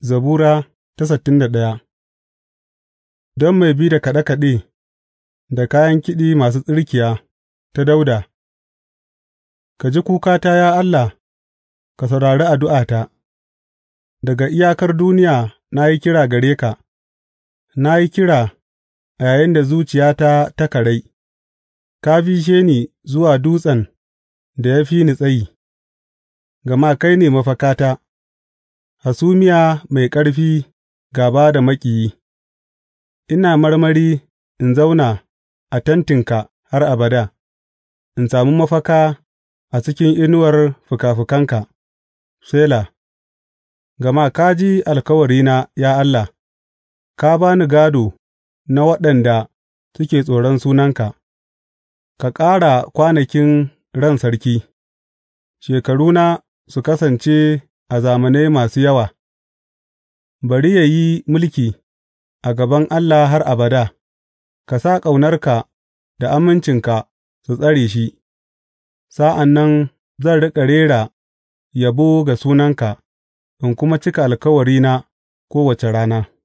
Zabura ta sittin da ɗaya. Don mai bi da kaɗe kaɗe da kayan kiɗi masu tsirkiya ta Dauda. Ka ji kuka ta ya Allah, ka saurari addu'ata; daga iyakar duniya na yi kira gare ka, na yi kira a yayin da zuciyata ta karai, ka bishe ni zuwa dutsen da ya fi ni tsayi, gama kai ne mafakata. hasumiya mai ƙarfi gāba da maƙiyi, ina marmari in zauna a tentinka har abada, in sami mafaka a cikin inuwar fikafikanka, Sela Gama ka ji alkawarina, ya Allah, ka ba ni gādo na waɗanda suke tsoron sunanka, ka ƙara kwanakin ran sarki, shekaruna su kasance a zamanai masu yawa; bari yă yi mulki a gaban Allah har abada; ka sa ƙaunarka da amincinka su tsare shi, sa'an nan zan riƙa rera yabo ga sunanka in kuma cika alkawarina kowace rana.